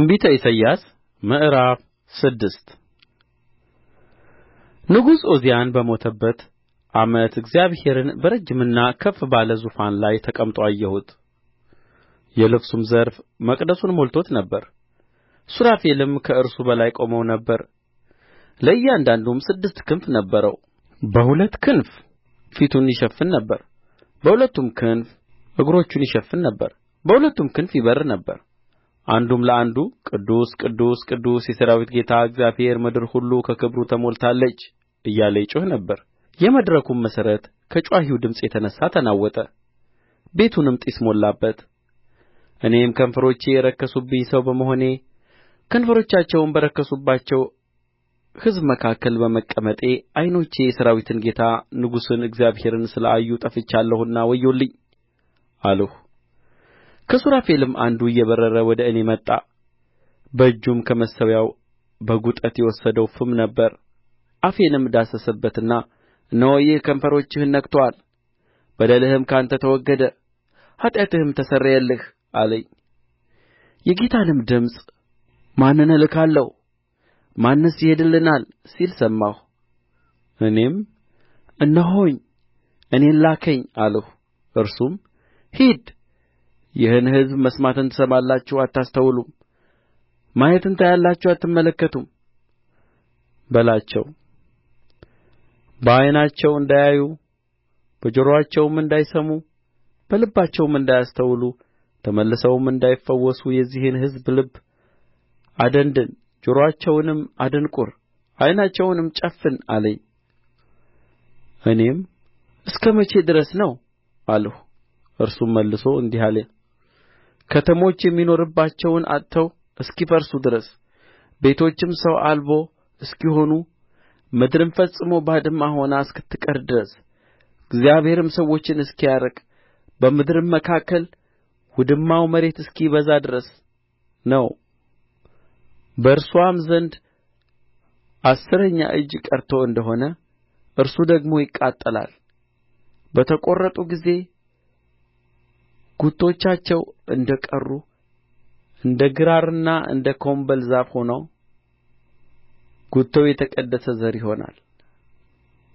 ትንቢተ ኢሳይያስ ምዕራፍ ስድስት ንጉሡ ዖዝያን በሞተበት ዓመት እግዚአብሔርን በረጅምና ከፍ ባለ ዙፋን ላይ ተቀምጦ አየሁት የልብሱም ዘርፍ መቅደሱን ሞልቶት ነበር ሱራፌልም ከእርሱ በላይ ቆመው ነበር ለእያንዳንዱም ስድስት ክንፍ ነበረው በሁለት ክንፍ ፊቱን ይሸፍን ነበር በሁለቱም ክንፍ እግሮቹን ይሸፍን ነበር በሁለቱም ክንፍ ይበር ነበር አንዱም ለአንዱ ቅዱስ ቅዱስ ቅዱስ የሠራዊት ጌታ እግዚአብሔር ምድር ሁሉ ከክብሩ ተሞልታለች እያለ ይጮኽ ነበር የመድረኩም መሠረት ከጭዋኺው ድምፅ የተነሣ ተናወጠ ቤቱንም ጢስ ሞላበት እኔም ከንፈሮቼ የረከሱብኝ ሰው በመሆኔ ከንፈሮቻቸውም በረከሱባቸው ሕዝብ መካከል በመቀመጤ ዐይኖቼ የሠራዊትን ጌታ ንጉሡን እግዚአብሔርን ስለ አዩ ጠፍቻለሁና ወዮልኝ አልሁ ከሱራፌልም አንዱ እየበረረ ወደ እኔ መጣ በእጁም ከመሠዊያው በጕጠት የወሰደው ፍም ነበረ አፌንም ዳሰሰበትና እነሆ ይህ ከንፈሮችህን ነክቶአል በደልህም ከአንተ ተወገደ ኃጢአትህም ተሰረየልህ አለኝ የጌታንም ድምፅ ማንን እልካለሁ ማንስ ይሄድልናል ሲል ሰማሁ እኔም እነሆኝ እኔን ላከኝ አልሁ እርሱም ሂድ ይህን ሕዝብ መስማትን ትሰማላችሁ አታስተውሉም ማየትን ታያላችሁ አትመለከቱም በላቸው በዓይናቸው እንዳያዩ በጆሮአቸውም እንዳይሰሙ በልባቸውም እንዳያስተውሉ ተመልሰውም እንዳይፈወሱ የዚህን ሕዝብ ልብ አደንድን ጆሮአቸውንም አደንቍር ዓይናቸውንም ጨፍን አለኝ እኔም እስከ መቼ ድረስ ነው አልሁ እርሱም መልሶ እንዲህ አለ ከተሞች የሚኖርባቸውን አጥተው እስኪፈርሱ ድረስ ቤቶችም ሰው አልቦ እስኪሆኑ ምድርም ፈጽሞ ባድማ ሆና እስክትቀር ድረስ እግዚአብሔርም ሰዎችን እስኪያርቅ በምድርም መካከል ውድማው መሬት እስኪበዛ ድረስ ነው። በእርስዋም ዘንድ አሥረኛ እጅ ቀርቶ እንደሆነ እርሱ ደግሞ ይቃጠላል። በተቈረጡ ጊዜ ጉቶቻቸው እንደ ቀሩ እንደ ግራርና እንደ ኮምበል ዛፍ ሆኖ ጉቶው የተቀደሰ ዘር ይሆናል